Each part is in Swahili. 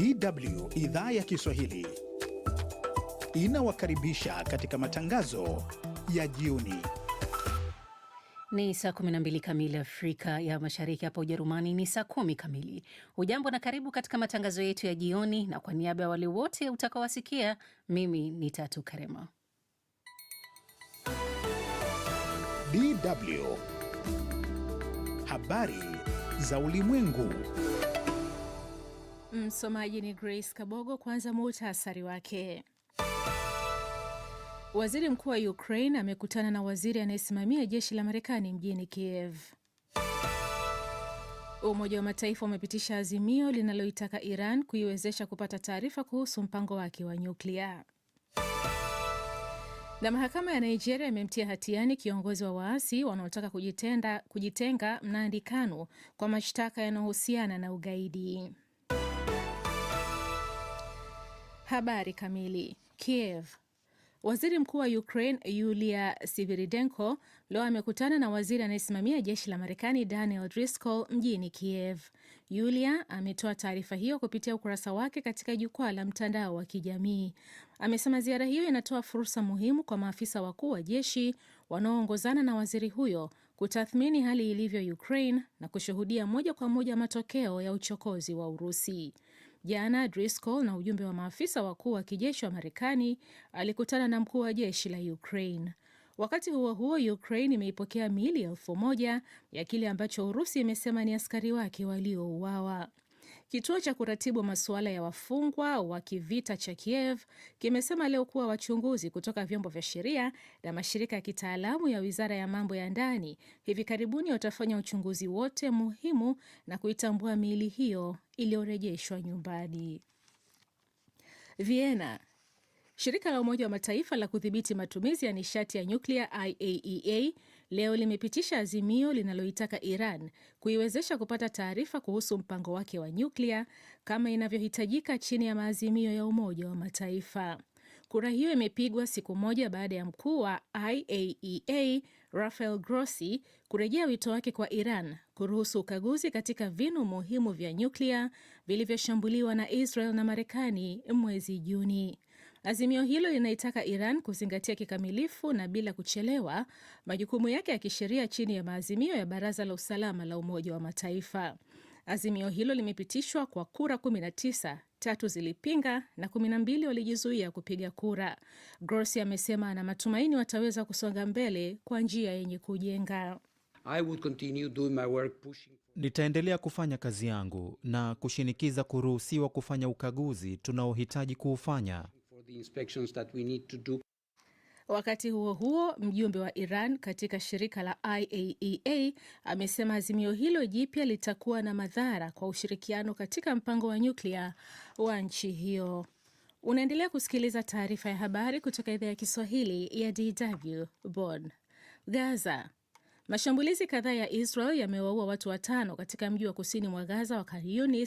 DW idhaa ya Kiswahili inawakaribisha katika matangazo ya jioni. Ni saa 12 kamili Afrika ya Mashariki, hapa Ujerumani ni saa kumi kamili. Hujambo na karibu katika matangazo yetu ya jioni, na kwa niaba ya wale wote utakaowasikia, mimi ni Tatu Karema. DW habari za ulimwengu Msomaji ni Grace Kabogo. Kwanza muhtasari wake. Waziri mkuu wa Ukraine amekutana na waziri anayesimamia jeshi la Marekani mjini Kiev. Umoja wa Mataifa umepitisha azimio linaloitaka Iran kuiwezesha kupata taarifa kuhusu mpango wake wa nyuklia. Na mahakama ya Nigeria imemtia hatiani kiongozi wa waasi wanaotaka kujitenga Mnandi Kanu kwa mashtaka yanayohusiana na ugaidi. Habari kamili. Kiev. Waziri Mkuu wa Ukraine Yulia Sviridenko leo amekutana na waziri anayesimamia jeshi la Marekani Daniel Driscoll mjini Kiev. Yulia ametoa taarifa hiyo kupitia ukurasa wake katika jukwaa la mtandao wa kijamii. Amesema ziara hiyo inatoa fursa muhimu kwa maafisa wakuu wa jeshi wanaoongozana na waziri huyo kutathmini hali ilivyo Ukraine na kushuhudia moja kwa moja matokeo ya uchokozi wa Urusi. Jana Driscoll na ujumbe wa maafisa wakuu wa kijeshi wa Marekani alikutana na mkuu wa jeshi la Ukraine. Wakati huo huo, Ukraine imeipokea miili elfu moja ya kile ambacho Urusi imesema ni askari wake waliouawa. Kituo cha kuratibu masuala ya wafungwa wa kivita cha Kiev kimesema leo kuwa wachunguzi kutoka vyombo vya sheria na mashirika ya kitaalamu ya Wizara ya Mambo ya Ndani hivi karibuni watafanya uchunguzi wote muhimu na kuitambua miili hiyo iliyorejeshwa nyumbani. viena Shirika la Umoja wa Mataifa la kudhibiti matumizi ya nishati ya nyuklia IAEA e leo limepitisha azimio linaloitaka Iran kuiwezesha kupata taarifa kuhusu mpango wake wa nyuklia kama inavyohitajika chini ya maazimio ya Umoja wa Mataifa. Kura hiyo imepigwa siku moja baada ya mkuu wa IAEA e Rafael Grossi kurejea wito wake kwa Iran kuruhusu ukaguzi katika vinu muhimu vya nyuklia vilivyoshambuliwa na Israel na Marekani mwezi Juni. Azimio hilo linaitaka Iran kuzingatia kikamilifu na bila kuchelewa majukumu yake ya kisheria chini ya maazimio ya Baraza la Usalama la Umoja wa Mataifa. Azimio hilo limepitishwa kwa kura 19, tatu zilipinga na 12 walijizuia kupiga kura. Grossi amesema ana matumaini wataweza kusonga mbele kwa njia yenye kujenga. I would continue doing my work pushing... Nitaendelea kufanya kazi yangu na kushinikiza kuruhusiwa kufanya ukaguzi tunaohitaji kuufanya the inspections that we need to do. Wakati huo huo, mjumbe wa Iran katika shirika la IAEA e amesema azimio hilo jipya litakuwa na madhara kwa ushirikiano katika mpango wa nyuklia wa nchi hiyo. Unaendelea kusikiliza taarifa ya habari kutoka idhaa ya Kiswahili ya DW Bonn. Gaza. Mashambulizi kadhaa ya Israel yamewaua watu watano katika mji wa kusini mwa Gaza wa Khan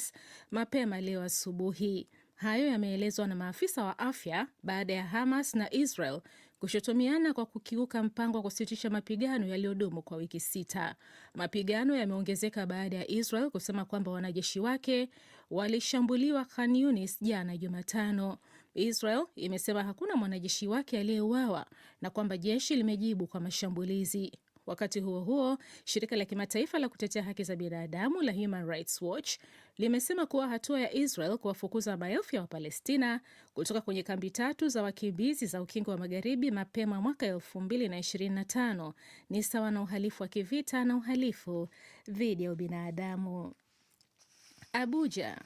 mapema leo asubuhi. Hayo yameelezwa na maafisa wa afya baada ya Hamas na Israel kushutumiana kwa kukiuka mpango wa kusitisha mapigano yaliyodumu kwa wiki sita. Mapigano yameongezeka baada ya Israel kusema kwamba wanajeshi wake walishambuliwa Khan Yunis jana Jumatano. Israel imesema hakuna mwanajeshi wake aliyeuawa na kwamba jeshi limejibu kwa mashambulizi. Wakati huo huo, shirika la kimataifa la kutetea haki za binadamu la Human Rights Watch limesema kuwa hatua ya Israel kuwafukuza maelfu ya Wapalestina kutoka kwenye kambi tatu za wakimbizi za Ukingo wa Magharibi mapema mwaka 2025 ni sawa na uhalifu wa kivita na uhalifu dhidi ya ubinadamu. Abuja.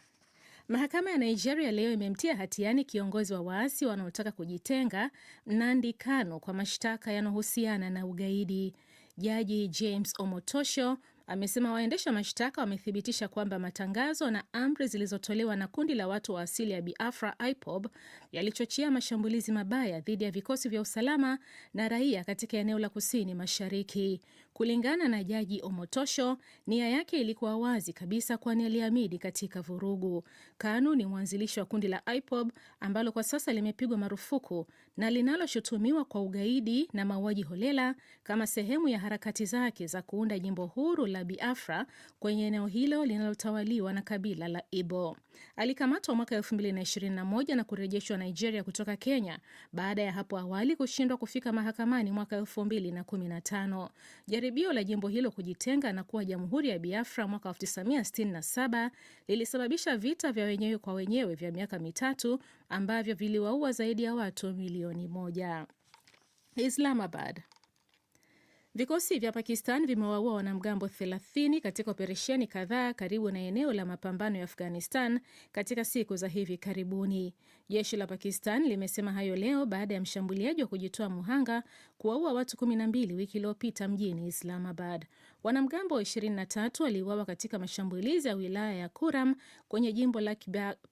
Mahakama ya Nigeria leo imemtia hatiani kiongozi wa waasi wanaotaka kujitenga Nnamdi Kanu kwa mashtaka yanayohusiana na ugaidi. Jaji James Omotosho amesema waendesha mashtaka wamethibitisha kwamba matangazo na amri zilizotolewa na kundi la watu wa asili ya Biafra IPOB yalichochea mashambulizi mabaya dhidi ya vikosi vya usalama na raia katika eneo la Kusini Mashariki. Kulingana na Jaji Omotosho, nia yake ilikuwa wazi kabisa, kwani aliamidi katika vurugu. Kanu ni mwanzilishi wa kundi la IPOB ambalo kwa sasa limepigwa marufuku na linaloshutumiwa kwa ugaidi na mauaji holela kama sehemu ya harakati zake za kuunda jimbo huru la Biafra kwenye eneo hilo linalotawaliwa na kabila la Ibo. Alikamatwa mwaka 2021 na kurejeshwa Nigeria kutoka Kenya baada ya hapo awali kushindwa kufika mahakamani mwaka 2015. Jaribio la jimbo hilo kujitenga na kuwa Jamhuri ya Biafra mwaka 1967 lilisababisha vita vya wenyewe kwa wenyewe vya miaka mitatu ambavyo viliwaua zaidi ya watu milioni moja. Islamabad Vikosi vya Pakistan vimewaua wanamgambo 30 katika operesheni kadhaa karibu na eneo la mapambano ya Afghanistan katika siku za hivi karibuni. Jeshi la Pakistan limesema hayo leo baada ya mshambuliaji wa kujitoa muhanga kuwaua watu 12 wiki iliyopita mjini Islamabad. Wanamgambo 23 waliuawa katika mashambulizi ya wilaya ya Kuram kwenye jimbo la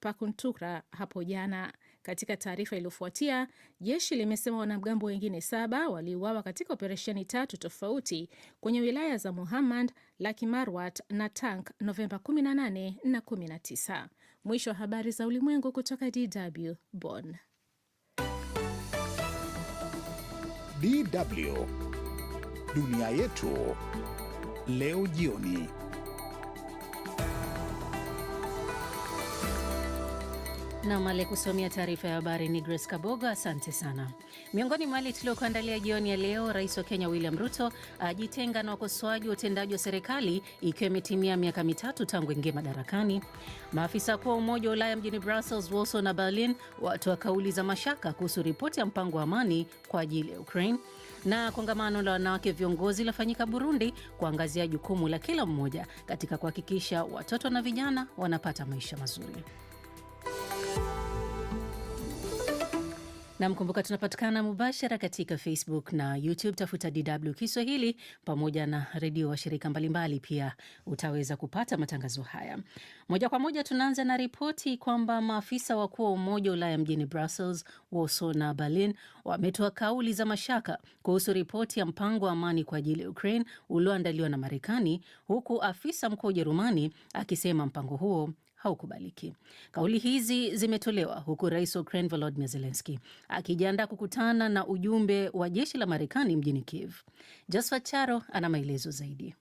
Pakhtunkhwa hapo jana. Katika taarifa iliyofuatia, jeshi limesema wanamgambo wengine saba waliuawa katika operesheni tatu tofauti kwenye wilaya za Muhammad, Lakimarwat na Tank Novemba 18 na 19. Mwisho wa habari za ulimwengu kutoka DW Bonn. DW Dunia Yetu Leo Jioni. Nam aliyekusomea taarifa ya habari ni Grace Kaboga. Asante sana. Miongoni mwa hali tuliokuandalia jioni ya leo, rais wa Kenya William Ruto ajitenga na wakosoaji wa utendaji wa serikali ikiwa imetimia miaka mitatu tangu ingie madarakani. Maafisa kuu wa Umoja wa Ulaya mjini Brussels, Warsaw na Berlin watoa kauli za mashaka kuhusu ripoti ya mpango wa amani kwa ajili ya Ukraine. Na kongamano la wanawake viongozi lafanyika Burundi kuangazia jukumu la kila mmoja katika kuhakikisha watoto na vijana wanapata maisha mazuri. namkumbuka tunapatikana mubashara katika Facebook na YouTube, tafuta DW Kiswahili pamoja na redio wa shirika mbalimbali. Pia utaweza kupata matangazo haya moja kwa moja. Tunaanza na ripoti kwamba maafisa wakuu wa Umoja wa Ulaya mjini Brussels, Warsaw na Berlin wametoa kauli za mashaka kuhusu ripoti ya mpango wa amani kwa ajili ya Ukraine ulioandaliwa na Marekani, huku afisa mkuu wa Ujerumani akisema mpango huo haukubaliki. Kauli hizi zimetolewa huku rais wa Ukraine Volodymyr Zelensky akijiandaa kukutana na ujumbe wa jeshi la Marekani mjini Kiev. Josfa Charo ana maelezo zaidi.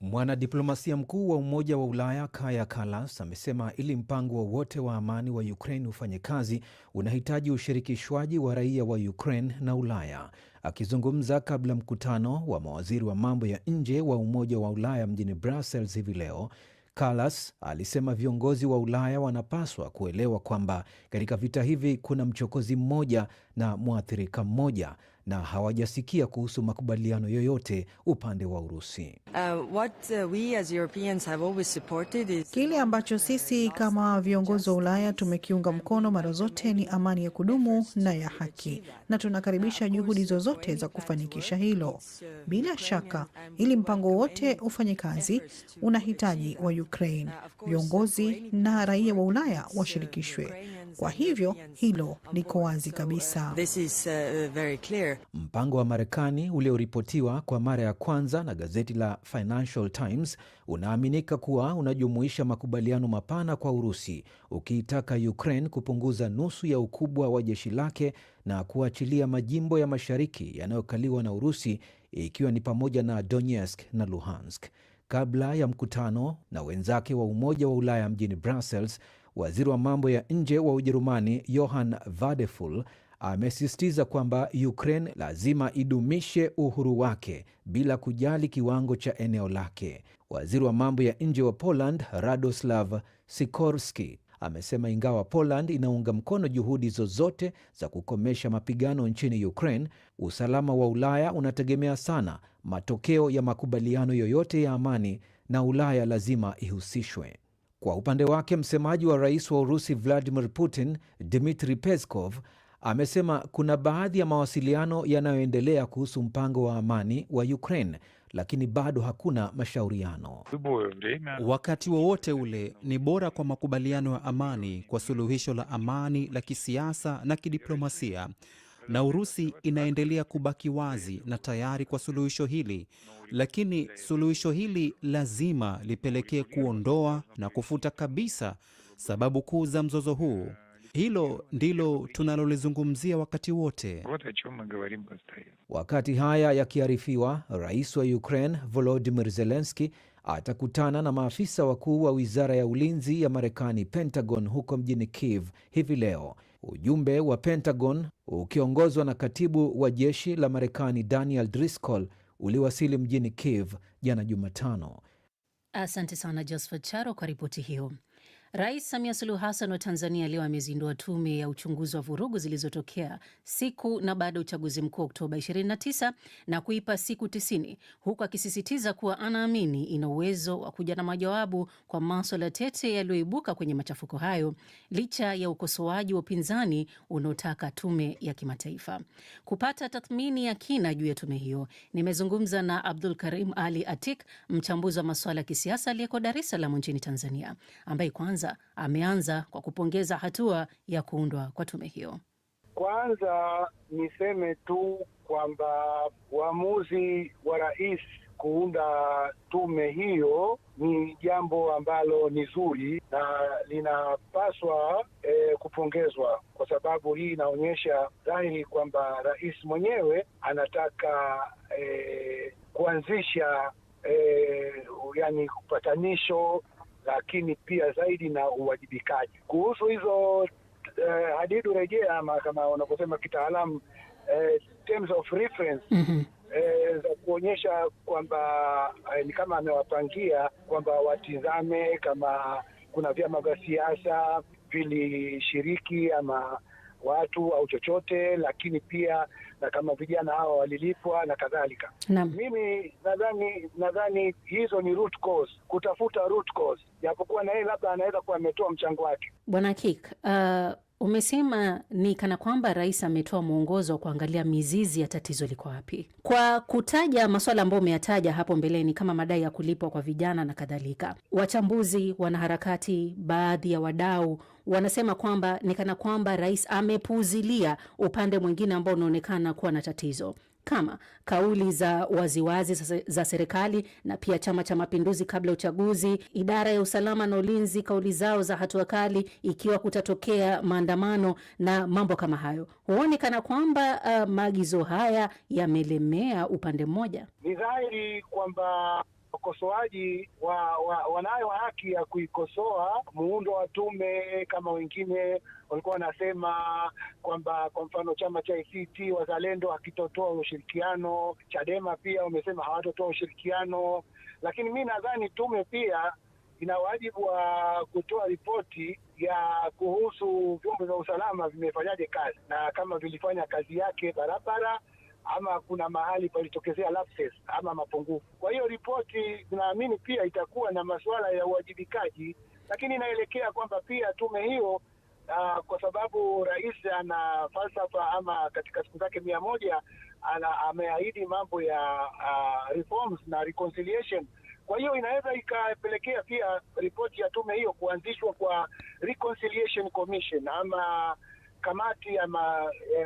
Mwanadiplomasia mkuu wa Umoja wa Ulaya kaya kalas amesema ili mpango wowote wa, wa amani wa Ukraine ufanye kazi unahitaji ushirikishwaji wa raia wa Ukraine na Ulaya. Akizungumza kabla mkutano wa mawaziri wa mambo ya nje wa Umoja wa Ulaya mjini Brussels hivi leo, Kallas alisema viongozi wa Ulaya wanapaswa kuelewa kwamba katika vita hivi kuna mchokozi mmoja na mwathirika mmoja na hawajasikia kuhusu makubaliano yoyote upande wa Urusi. Uh, what uh, we as Europeans have always supported is... kile ambacho sisi kama viongozi wa Ulaya tumekiunga mkono mara zote ni amani ya kudumu na ya haki, na tunakaribisha juhudi zozote za kufanikisha hilo. Bila shaka, ili mpango wote ufanye kazi, unahitaji wa Ukraine, viongozi na raia wa Ulaya washirikishwe. Kwa hivyo hilo liko wazi kabisa. Uh, Mpango wa Marekani ulioripotiwa kwa mara ya kwanza na gazeti la Financial Times unaaminika kuwa unajumuisha makubaliano mapana kwa Urusi, ukiitaka Ukraine kupunguza nusu ya ukubwa wa jeshi lake na kuachilia majimbo ya mashariki yanayokaliwa na Urusi, ikiwa ni pamoja na Donetsk na Luhansk. Kabla ya mkutano na wenzake wa Umoja wa Ulaya mjini Brussels, Waziri wa mambo ya nje wa Ujerumani Johann Vadeful amesisitiza kwamba Ukraine lazima idumishe uhuru wake bila kujali kiwango cha eneo lake. Waziri wa mambo ya nje wa Poland Radoslav Sikorski amesema ingawa Poland inaunga mkono juhudi zozote za kukomesha mapigano nchini Ukraine, usalama wa Ulaya unategemea sana matokeo ya makubaliano yoyote ya amani na Ulaya lazima ihusishwe. Kwa upande wake msemaji wa rais wa Urusi Vladimir Putin, Dmitri Peskov, amesema kuna baadhi ya mawasiliano yanayoendelea kuhusu mpango wa amani wa Ukraine, lakini bado hakuna mashauriano. Wakati wowote wa ule ni bora kwa makubaliano ya amani, kwa suluhisho la amani la kisiasa na kidiplomasia na Urusi inaendelea kubaki wazi na tayari kwa suluhisho hili, lakini suluhisho hili lazima lipelekee kuondoa na kufuta kabisa sababu kuu za mzozo huu. Hilo ndilo tunalolizungumzia wakati wote. Wakati haya yakiarifiwa, rais wa Ukraine Volodimir Zelenski atakutana na maafisa wakuu wa wizara ya ulinzi ya Marekani, Pentagon, huko mjini Kiev hivi leo ujumbe wa Pentagon ukiongozwa na katibu wa jeshi la Marekani Daniel Driscoll uliwasili mjini Kiev jana Jumatano. Asante sana Josephat Charo kwa ripoti hiyo. Rais Samia Suluhu Hassan wa Tanzania leo amezindua tume ya uchunguzi wa vurugu zilizotokea siku na baada ya uchaguzi mkuu Oktoba 29 na kuipa siku 90 huku akisisitiza kuwa anaamini ina uwezo wa kuja na majawabu kwa maswala tete yaliyoibuka kwenye machafuko hayo licha ya ukosoaji wa upinzani unaotaka tume ya kimataifa. Kupata tathmini ya kina juu ya tume hiyo, nimezungumza na Abdul Karim Ali Atik, mchambuzi wa masuala ya kisiasa aliyeko Dar es Salaam nchini Tanzania ambaye kwanza kwanza ameanza kwa kupongeza hatua ya kuundwa kwa tume hiyo. Kwanza niseme tu kwamba uamuzi wa rais kuunda tume hiyo ni jambo ambalo ni zuri na linapaswa e, kupongezwa kwa sababu hii inaonyesha dhahiri kwamba rais mwenyewe anataka e, kuanzisha e, yani upatanisho lakini pia zaidi na uwajibikaji kuhusu hizo uh, hadidu rejea ama kama unavyosema kitaalamu uh, terms of reference mm -hmm. uh, za kuonyesha kwamba uh, ni kama amewapangia kwamba watizame kama kuna vyama vya siasa vilishiriki ama watu au chochote, lakini pia na kama vijana hawa walilipwa na kadhalika. Mimi nadhani nadhani hizo ni root cause, kutafuta root cause, japokuwa na yeye labda anaweza kuwa ametoa mchango wake. Bwana Kik, uh, umesema ni kana kwamba rais ametoa mwongozo wa kuangalia mizizi ya tatizo liko wapi, kwa kutaja maswala ambayo umeyataja hapo mbeleni kama madai ya kulipwa kwa vijana na kadhalika. Wachambuzi, wanaharakati, baadhi ya wadau wanasema kwamba ni kana kwamba rais amepuuzilia upande mwingine ambao unaonekana yanakuwa na tatizo kama kauli za waziwazi za serikali na pia Chama cha Mapinduzi kabla ya uchaguzi, idara ya usalama na ulinzi, kauli zao za hatua kali ikiwa kutatokea maandamano na mambo kama hayo. huonekana kwamba uh, maagizo haya yamelemea upande mmoja? Ni dhahiri kwamba wakosoaji wa, wa, wanayo haki ya kuikosoa muundo wa tume, kama wengine walikuwa wanasema kwamba kwa mfano chama cha ACT Wazalendo hakitotoa ushirikiano, Chadema pia wamesema hawatotoa ushirikiano, lakini mi nadhani tume pia ina wajibu wa kutoa ripoti ya kuhusu vyombo vya usalama vimefanyaje kazi na kama vilifanya kazi yake barabara ama kuna mahali palitokezea lapses ama mapungufu. Kwa hiyo ripoti tunaamini pia itakuwa na masuala ya uwajibikaji, lakini inaelekea kwamba pia tume hiyo Uh, kwa sababu rais ana falsafa ama katika siku zake mia moja ana ameahidi mambo ya uh, reforms na reconciliation. Kwa hiyo inaweza ikapelekea pia ripoti ya tume hiyo kuanzishwa kwa reconciliation commission ama kamati ama e,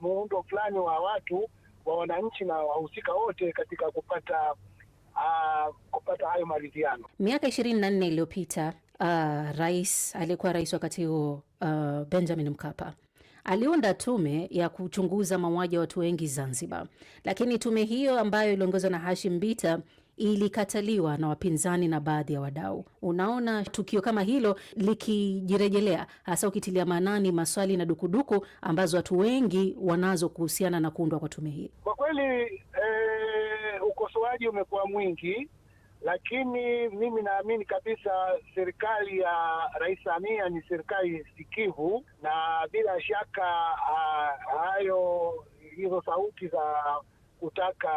muundo fulani wa watu wa wananchi na wahusika wote katika kupata a, kupata hayo maridhiano. Miaka ishirini na nne iliyopita uh, rais aliyekuwa rais wakati huo uh, Benjamin Mkapa aliunda tume ya kuchunguza mauaji ya watu wengi Zanzibar, lakini tume hiyo ambayo iliongozwa na Hashim Bita ilikataliwa na wapinzani na baadhi ya wadau. Unaona tukio kama hilo likijirejelea, hasa ukitilia maanani maswali na dukuduku ambazo watu wengi wanazo kuhusiana na kuundwa kwa tume hii. Kwa kweli eh, ukosoaji umekuwa mwingi, lakini mimi naamini kabisa serikali ya Rais Samia ni serikali sikivu, na bila shaka ah, hayo hizo sauti za kutaka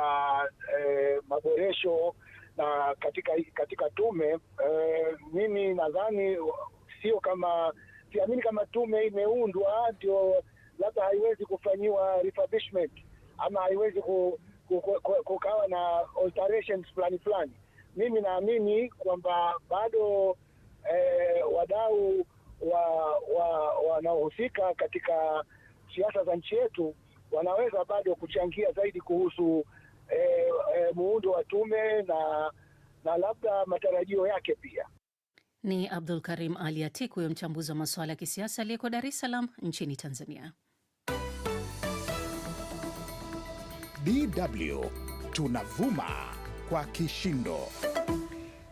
eh, maboresho na katika katika tume eh, mimi nadhani sio kama siamini kama tume imeundwa ndio labda haiwezi kufanyiwa refurbishment ama haiwezi ku, ku, ku, ku, kukawa na alterations fulani fulani. Mimi naamini kwamba bado eh, wadau wanaohusika wa, wa katika siasa za nchi yetu wanaweza bado kuchangia zaidi kuhusu e, e, muundo wa tume na, na labda matarajio yake pia. Ni Abdul Karim Ali Atik, huyo mchambuzi wa masuala ya kisiasa aliyeko Dar es Salaam nchini Tanzania. DW tunavuma kwa kishindo.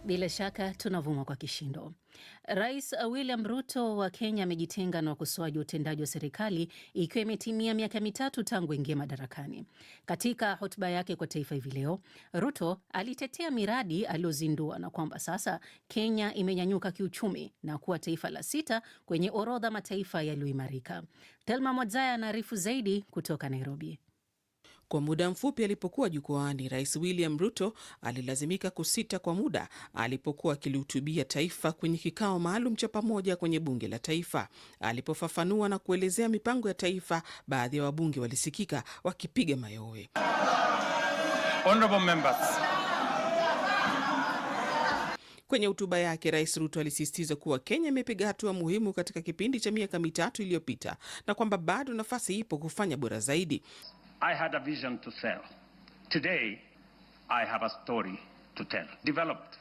Bila shaka tunavuma kwa kishindo. Rais William Ruto wa Kenya amejitenga na wakosoaji wa utendaji wa serikali ikiwa imetimia miaka mitatu tangu aingia madarakani. Katika hotuba yake kwa taifa hivi leo, Ruto alitetea miradi aliyozindua na kwamba sasa Kenya imenyanyuka kiuchumi na kuwa taifa la sita kwenye orodha mataifa yaliyoimarika. Telma Mwadzaya anaarifu zaidi kutoka Nairobi. Kwa muda mfupi alipokuwa jukwaani, Rais William Ruto alilazimika kusita kwa muda alipokuwa akilihutubia taifa kwenye kikao maalum cha pamoja kwenye bunge la taifa. Alipofafanua na kuelezea mipango ya taifa, baadhi ya wabunge walisikika wakipiga mayowe. Kwenye hotuba yake Rais Ruto alisisitiza kuwa Kenya imepiga hatua muhimu katika kipindi cha miaka mitatu iliyopita na kwamba bado nafasi ipo kufanya bora zaidi. I had a vision to sell. Today, I have a story to tell. Developed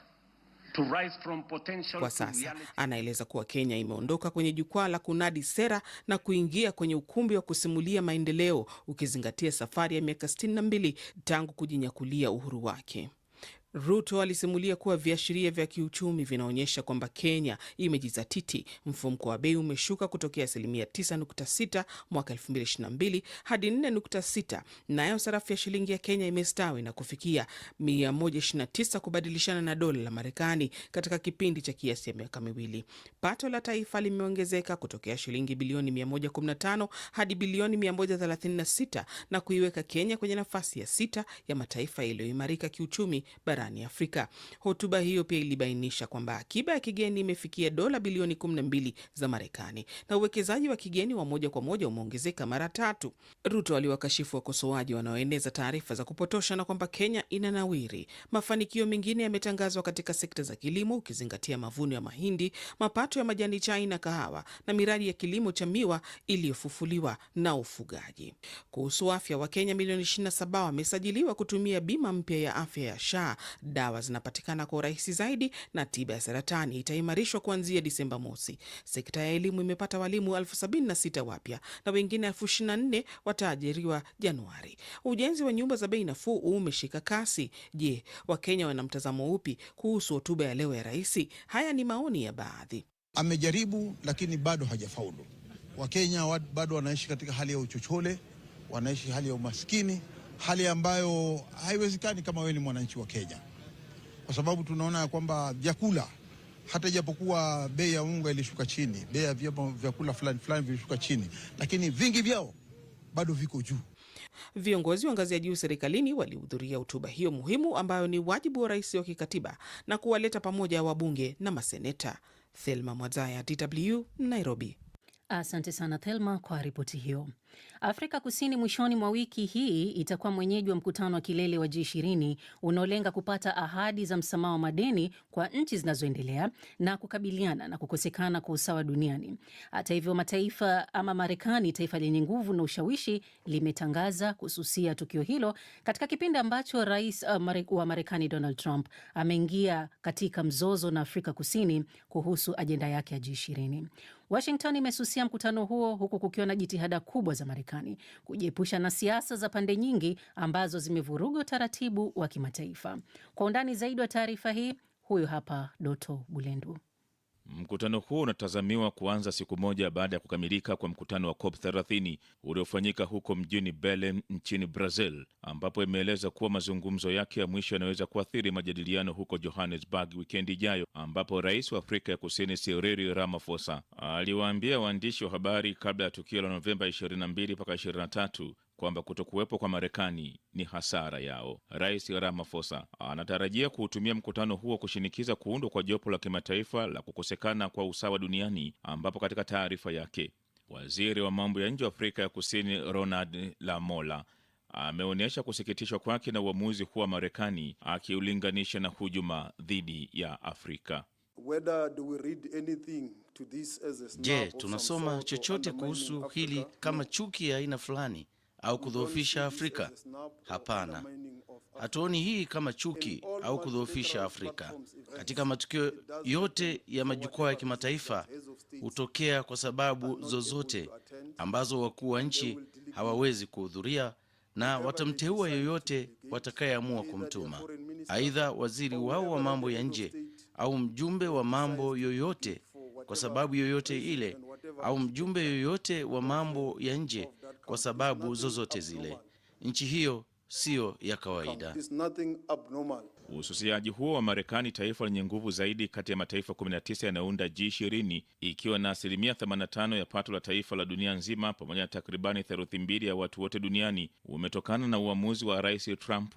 to rise from potential. Kwa sasa anaeleza kuwa Kenya imeondoka kwenye jukwaa la kunadi sera na kuingia kwenye ukumbi wa kusimulia maendeleo, ukizingatia safari ya miaka 62 tangu kujinyakulia uhuru wake. Ruto alisimulia kuwa viashiria vya kiuchumi vinaonyesha kwamba Kenya imejizatiti. Mfumko wa bei umeshuka kutokea asilimia 9.6 mwaka 2022 hadi 4.6, nayo sarafu ya shilingi ya Kenya imestawi na kufikia 129 kubadilishana na dola la Marekani katika kipindi cha kiasi ya miaka miwili. Pato la taifa limeongezeka kutokea shilingi bilioni 115 hadi bilioni 136 na kuiweka Kenya kwenye nafasi ya sita ya mataifa yaliyoimarika kiuchumi bara barani Afrika. Hotuba hiyo pia ilibainisha kwamba akiba ya kigeni imefikia dola bilioni 12 za Marekani na uwekezaji wa kigeni wa moja kwa moja umeongezeka mara tatu. Ruto aliwakashifu wakosoaji wanaoeneza taarifa za kupotosha na kwamba Kenya ina nawiri Mafanikio mengine yametangazwa katika sekta za kilimo, ukizingatia mavuno ya mahindi, mapato ya majani chai na kahawa na miradi ya kilimo cha miwa iliyofufuliwa na ufugaji. Kuhusu afya, Wakenya milioni 27 wamesajiliwa kutumia bima mpya ya afya ya SHA dawa zinapatikana kwa urahisi zaidi na tiba ya saratani itaimarishwa kuanzia Disemba mosi. Sekta ya elimu imepata walimu elfu wapya na wengine elfu ishirini na nne wataajiriwa Januari. Ujenzi wa nyumba za bei nafuu umeshika kasi. Je, Wakenya wana mtazamo upi kuhusu hotuba ya leo ya rahisi Haya ni maoni ya baadhi. Amejaribu lakini bado hajafaulu. Wakenya bado wanaishi katika hali ya uchochole, wanaishi hali ya umaskini hali ambayo haiwezekani kama wewe ni mwananchi wa Kenya, kwa sababu tunaona kwamba vyakula hata ijapokuwa bei ya unga ilishuka chini, bei ya vyakula fulani fulani vilishuka chini, lakini vingi vyao bado viko juu. Viongozi wa ngazi ya juu serikalini walihudhuria hotuba hiyo muhimu ambayo ni wajibu wa rais wa kikatiba na kuwaleta pamoja wabunge na maseneta. Thelma Mwazaya, DW, Nairobi. Asante sana Thelma kwa ripoti hiyo. Afrika Kusini mwishoni mwa wiki hii itakuwa mwenyeji wa mkutano wa kilele wa G20 unaolenga kupata ahadi za msamaha wa madeni kwa nchi zinazoendelea na kukabiliana na kukosekana kwa usawa duniani. Hata hivyo, mataifa ama Marekani, taifa lenye nguvu na ushawishi, limetangaza kususia tukio hilo katika kipindi ambacho rais uh, wa Marekani Donald Trump ameingia katika mzozo na Afrika Kusini kuhusu ajenda yake ya G20. Washington imesusia mkutano huo huku kukiwa na jitihada kubwa za Marekani Marekani kujiepusha na siasa za pande nyingi ambazo zimevuruga utaratibu wa kimataifa. Kwa undani zaidi wa taarifa hii, huyu hapa Doto Bulendu. Mkutano huu unatazamiwa kuanza siku moja baada ya kukamilika kwa mkutano wa COP 30 uliofanyika huko mjini Belem nchini Brazil, ambapo imeeleza kuwa mazungumzo yake ya mwisho yanaweza kuathiri majadiliano huko Johannesburg wikendi ijayo, ambapo rais wa Afrika ya Kusini Cyril Ramaphosa aliwaambia waandishi wa habari kabla ya tukio la Novemba 22 mpaka 23 kwamba kutokuwepo kwa Marekani ni hasara yao. Rais Ramaphosa anatarajia kuutumia mkutano huo kushinikiza kuundwa kwa jopo la kimataifa la kukosekana kwa usawa duniani, ambapo katika taarifa yake waziri wa mambo ya nje wa Afrika ya Kusini Ronald Lamola ameonyesha kusikitishwa kwake na uamuzi huo wa Marekani akiulinganisha na hujuma dhidi ya Afrika. Je, tunasoma chochote kuhusu hili kama chuki ya aina fulani au kudhoofisha Afrika. Hapana, hatuoni hii kama chuki au kudhoofisha Afrika. Katika matukio yote ya majukwaa ya kimataifa hutokea kwa sababu zozote ambazo wakuu wa nchi hawawezi kuhudhuria na watamteua yoyote watakayeamua kumtuma, aidha waziri wao wa mambo ya nje au mjumbe wa mambo yoyote kwa sababu yoyote ile, au mjumbe yoyote wa mambo ya nje kwa sababu zozote zile. Nchi hiyo siyo ya kawaida. Uhususiaji huo wa Marekani, taifa lenye nguvu zaidi kati ya mataifa 19 yanayounda G20, ikiwa na asilimia 85 ya pato la taifa la dunia nzima, pamoja na takribani theluthi mbili ya watu wote duniani, umetokana na uamuzi wa Rais Trump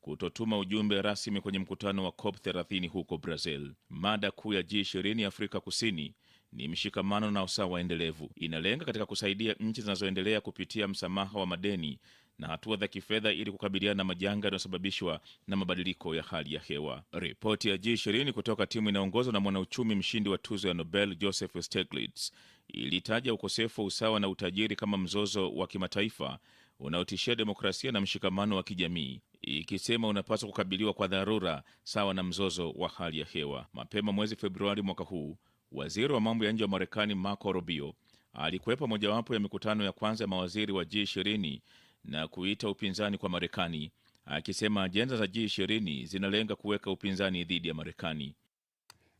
kutotuma ujumbe rasmi kwenye mkutano wa COP 30 huko Brazil. Mada kuu ya G20 Afrika Kusini ni mshikamano na usawa endelevu. Inalenga katika kusaidia nchi zinazoendelea kupitia msamaha wa madeni na hatua za kifedha ili kukabiliana na majanga yanayosababishwa na mabadiliko ya hali ya hewa. Ripoti ya G20 kutoka timu inayoongozwa na mwanauchumi mshindi wa tuzo ya Nobel Joseph Stiglitz ilitaja ukosefu wa usawa na utajiri kama mzozo wa kimataifa unaotishia demokrasia na mshikamano wa kijamii, ikisema unapaswa kukabiliwa kwa dharura sawa na mzozo wa hali ya hewa. Mapema mwezi Februari mwaka huu Waziri wa mambo ya nje wa Marekani Marco Rubio alikuwepo mojawapo ya mikutano ya kwanza ya mawaziri wa G20 na kuita upinzani kwa Marekani, akisema ajenda za G20 zinalenga kuweka upinzani dhidi ya Marekani.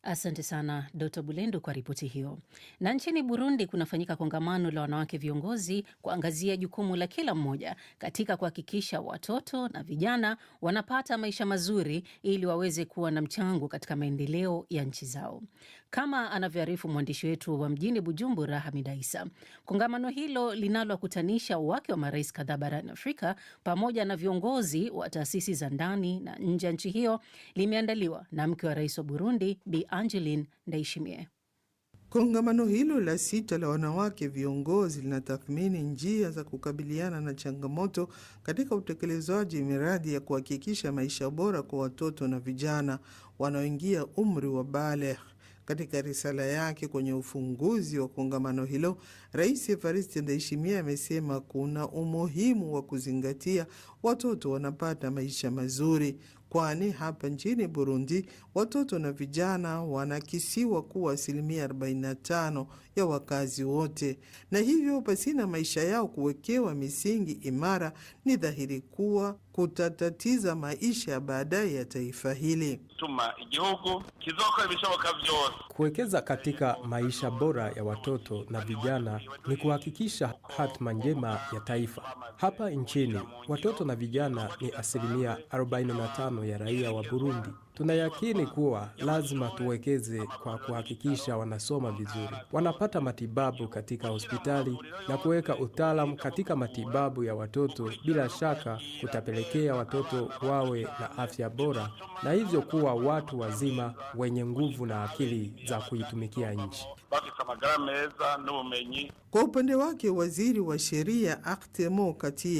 Asante sana Doto Bulendo kwa ripoti hiyo. Na nchini Burundi kunafanyika kongamano la wanawake viongozi kuangazia jukumu la kila mmoja katika kuhakikisha watoto na vijana wanapata maisha mazuri ili waweze kuwa na mchango katika maendeleo ya nchi zao kama anavyoarifu mwandishi wetu wa mjini Bujumbura, Hamida Isa. Kongamano hilo linalowakutanisha wake wa marais kadhaa barani Afrika pamoja na viongozi wa taasisi za ndani na nje ya nchi hiyo limeandaliwa na mke wa rais wa Burundi, Bi Angeline Ndayishimiye. Kongamano hilo la sita la wanawake viongozi linatathmini njia za kukabiliana na changamoto katika utekelezaji miradi ya kuhakikisha maisha bora kwa watoto na vijana wanaoingia umri wa baleghe katika risala yake kwenye ufunguzi wa kongamano hilo Rais Evariste Ndayishimiye amesema kuna umuhimu wa kuzingatia watoto wanapata maisha mazuri, kwani hapa nchini Burundi watoto na vijana wanakisiwa kuwa asilimia 45 ya wakazi wote, na hivyo pasina maisha yao kuwekewa misingi imara, ni dhahiri kuwa kutatatiza maisha ya baadaye ya taifa hili. Kuwekeza katika maisha bora ya watoto na vijana ni kuhakikisha hatma njema ya taifa. Hapa nchini watoto na vijana ni asilimia 45 ya raia wa Burundi. Tunayakini kuwa lazima tuwekeze kwa kuhakikisha wanasoma vizuri, wanapata matibabu katika hospitali na kuweka utaalamu katika matibabu ya watoto. Bila shaka kutapelekea watoto wawe na afya bora na hivyo kuwa watu wazima wenye nguvu na akili za kuitumikia nchi bafite amagara meza n'ubumenyi. Kwa upande wake waziri wa sheria Aktemo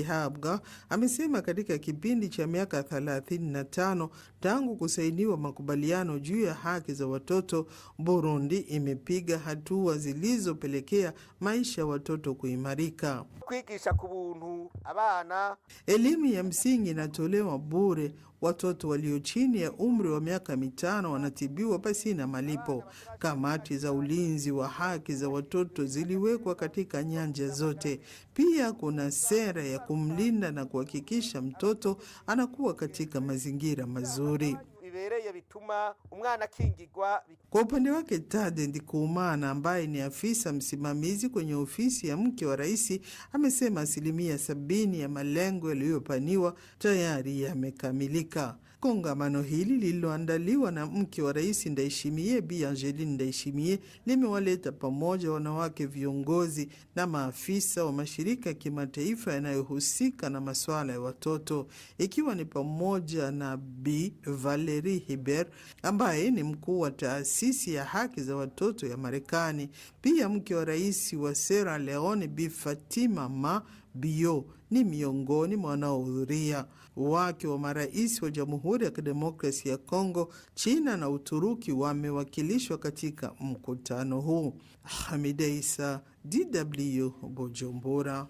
habga amesema katika kipindi cha miaka 35 tangu kusainiwa makubaliano juu ya haki za watoto, Burundi imepiga hatua zilizopelekea maisha ya watoto kuimarika. Kwikisha kubuntu abana, elimu ya msingi inatolewa bure Watoto walio chini ya umri wa miaka mitano wanatibiwa pasi na malipo. Kamati za ulinzi wa haki za watoto ziliwekwa katika nyanja zote. Pia kuna sera ya kumlinda na kuhakikisha mtoto anakuwa katika mazingira mazuri ya bituma umwana akingirwa. Kwa upande wake Tade Ndikumana ambaye ni afisa msimamizi kwenye ofisi ya mke wa rais amesema asilimia sabini ya malengo yaliyopaniwa tayari yamekamilika. Kongamano hili lililoandaliwa na mke wa Rais ndaishimie Bi Angeline ndaishimie limewaleta pamoja wanawake viongozi na maafisa wa mashirika ya kimataifa yanayohusika na masuala ya watoto, ikiwa ni pamoja na Bi Valerie Hiber ambaye ni mkuu wa taasisi ya haki za watoto ya Marekani, pia mke wa rais wa Sierra Leone Bi Fatima Ma Bio ni miongoni mwa wanaohudhuria. Wake wa marais wa Jamhuri ya kidemokrasi ya Kongo, China na Uturuki wamewakilishwa katika mkutano huu. Hamida Isa, DW, Bujumbura.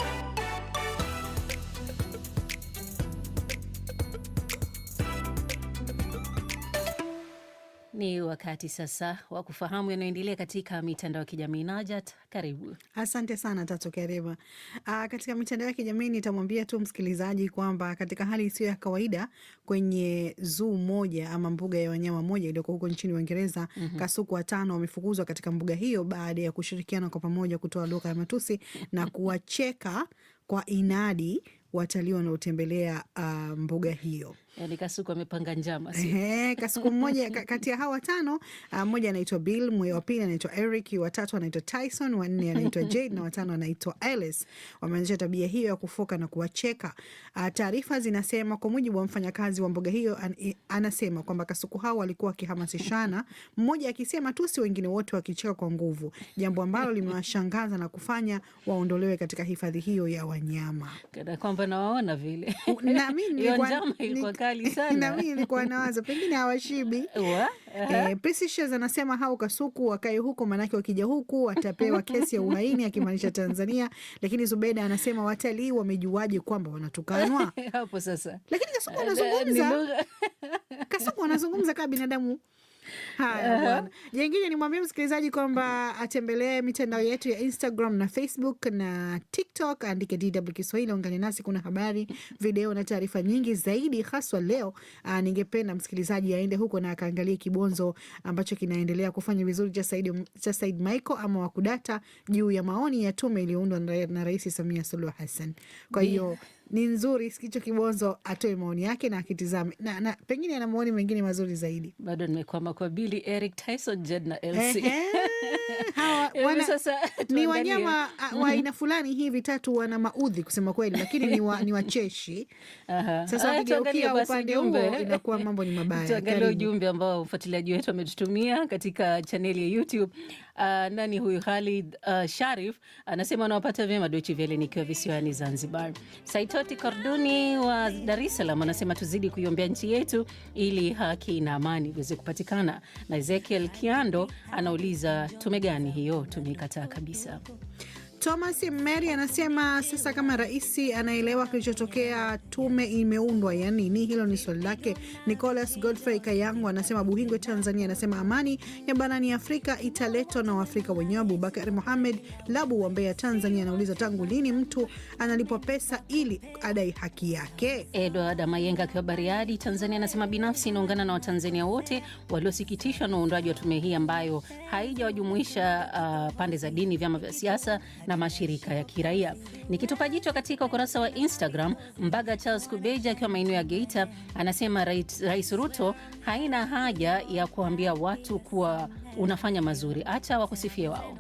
Ni wakati sasa wa kufahamu yanayoendelea katika mitandao ya kijamii. Najat, karibu. Asante sana Tatu Uh, ah, Katika mitandao ya kijamii nitamwambia tu msikilizaji kwamba katika hali isiyo ya kawaida kwenye zoo moja ama mbuga ya wanyama moja iliyoko huko nchini Uingereza, mm -hmm. kasuku watano wamefukuzwa katika mbuga hiyo baada ya kushirikiana kwa pamoja kutoa lugha ya matusi na kuwacheka kwa inadi watalii wanaotembelea uh, mbuga hiyo. Yani eh, Kasuku amepanga njama si? Ehe, Kasuku mmoja kati ya hawa watano, ah, mmoja anaitwa Bill, mwe wa pili anaitwa Eric, wa tatu anaitwa Tyson, wa nne anaitwa Jade na watano anaitwa Alice. Wameanzisha tabia hiyo ya kufoka na kuwacheka. Ah, taarifa zinasema kwa mujibu wa mfanyakazi wa mboga hiyo an, anasema kwamba Kasuku hao walikuwa wakihamasishana, mmoja akisema tusi, wengine wote wakicheka kwa nguvu, jambo ambalo limewashangaza na kufanya waondolewe katika hifadhi hiyo ya wanyama, kana kwamba nawaona vile Na mimi ni kwa kali sana na mimi nilikuwa nawaza pengine hawashibi. E, eh, Precious anasema hao kasuku wakae huko, maanake wakija huku watapewa kesi ya uhaini, akimaanisha Tanzania. Lakini Zubeda anasema watalii wamejuaje kwamba wanatukanwa hapo sasa? Lakini kasuku eh, anazungumza kasuku anazungumza kama binadamu Haya bwana. Jengine nimwambie msikilizaji kwamba atembelee mitandao yetu ya Instagram na Facebook na TikTok, andike DW Kiswahili, ungane nasi. Kuna habari, video na taarifa nyingi zaidi, haswa leo. Ah, ningependa msikilizaji aende huko na akaangalie kibonzo ambacho kinaendelea kufanya vizuri cha Said, cha Said Michael ama Wakudata juu ya maoni ya tume iliyoundwa na Rais Samia Suluhu Hassan. Kwa hiyo yeah ni nzuri Sikicho Kibonzo atoe maoni yake na akitizame na, na pengine ana maoni mengine mazuri zaidi. Bado nimekwama kwa Bili, Eric Tyson, Jed na LC. ni wanyama wa mhm. aina fulani hii vitatu wana maudhi kusema kweli, lakini ni, wa, ni wacheshi. Sasa ah, wakigeukia upande huo inakuwa mambo ni mabaya. Tuangalie ujumbe ambao ufuatiliaji wetu ametutumia katika chaneli ya YouTube uh, nani huyu Khalid uh, Sharif anasema anawapata vyema Deutsche Welle nikiwa visiwani Zanzibar. Saitoti Korduni wa Dar es Salaam anasema tuzidi kuiombea nchi yetu ili haki na amani iweze kupatikana, na Ezekiel Kiando anauliza tume gani hiyo tumeikataa kabisa. Thomas Mary anasema sasa, kama rais anaelewa kilichotokea, tume imeundwa ya nini? Hilo ni swali lake. Nicholas Godfrey Kayango anasema Buhingwe, Tanzania, anasema amani ya barani Afrika italetwa na Waafrika wenyewe. Abubakar muhamed Labu wa Mbeya, Tanzania, anauliza tangu lini mtu analipwa pesa ili adai haki yake? Edward Mayenga akiwa Bariadi, Tanzania, anasema binafsi inaungana na Watanzania wote waliosikitishwa na uundwaji wa tume hii ambayo haijawajumuisha uh, pande za dini, vyama vya siasa na mashirika ya kiraia. Nikitupa jicho katika ukurasa wa Instagram, Mbaga Charles Kubeja akiwa maeneo ya Geita anasema Rais, Ruto haina haja ya kuambia watu kuwa unafanya mazuri, acha wakusifie wao.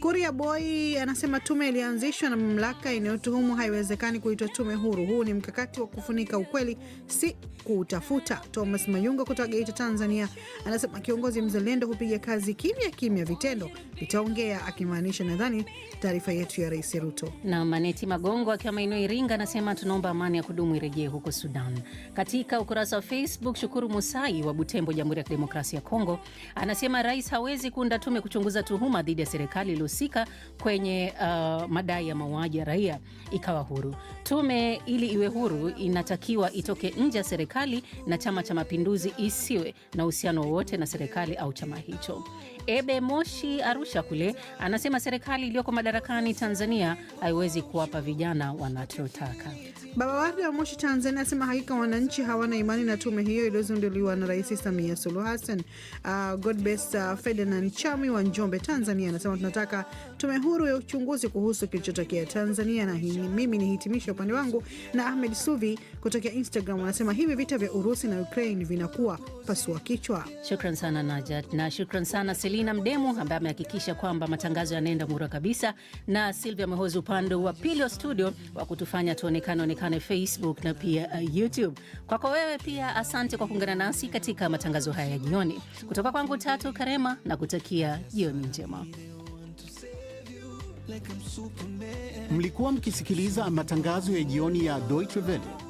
Kuria Boy anasema tume ilianzishwa na mamlaka inayotuhumu haiwezekani kuitwa tume huru. Huu ni mkakati wa kufunika ukweli, si kuutafuta. Thomas Mayunga kutoka Geita, Tanzania, anasema kiongozi mzalendo hupiga kazi kimya kimya, vitendo vitaongea, akimaanisha nadhani taarifa yetu ya Rais Ruto. Na Maneti Magongo akiwa maeneo Iringa anasema tunaomba amani ya kudumu irejee huko Sudan. Katika ukurasa wa Facebook, Shukuru Musai wa Butembo, Jamhuri ya Kidemokrasia ya Kongo, anasema rais hawezi kuunda tume kuchunguza tuhuma dhidi ya serikali waliohusika kwenye uh, madai ya mauaji ya raia ikawa huru. Tume ili iwe huru inatakiwa itoke nje ya serikali na Chama cha Mapinduzi isiwe na uhusiano wowote na serikali au chama hicho. Ebe Moshi Arusha kule anasema serikali iliyoko madarakani Tanzania haiwezi kuwapa vijana wanachotaka. Baba wapya wa Moshi Tanzania anasema hakika wananchi hawana imani na tume hiyo iliyozinduliwa na Rais Samia Suluhu Hassan. Uh, ah, Godbless uh, ah, Ferdinand Chami wa Njombe Tanzania anasema tunataka tume huru ya uchunguzi kuhusu kilichotokea Tanzania. Na hii, mimi ni hitimisho upande wangu, na Ahmed Suvi kutokea Instagram anasema hivi vita vya Urusi na Ukraine vinakuwa pasua kichwa. Shukran sana Najat na shukran sana Selim. Dina Mdemu ambaye amehakikisha kwamba matangazo yanaenda mura kabisa, na Silvia Mehozi upande wa pili wa studio wa kutufanya tuonekane onekane Facebook na pia uh, YouTube. Kwako wewe pia, asante kwa kuungana nasi katika matangazo haya ya jioni. Kutoka kwangu Tatu Karema na kutakia jioni njema. Mlikuwa mkisikiliza matangazo ya jioni ya Deutsche Welle